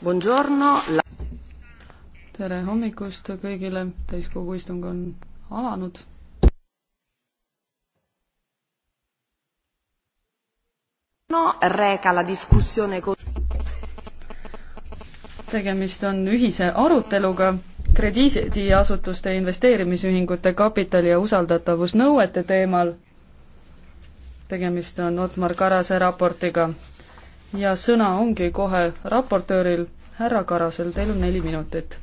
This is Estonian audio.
La... tere hommikust kõigile, täiskogu istung on alanud no, reca la discussione con... tegemist on ühise aruteluga krediidiasutuste investeerimisühingute kapitali ja usaldatavusnõuete teemal. tegemist on Otmar Karase raportiga ja sõna ongi kohe raportööril, härra Karasel, teil on neli minutit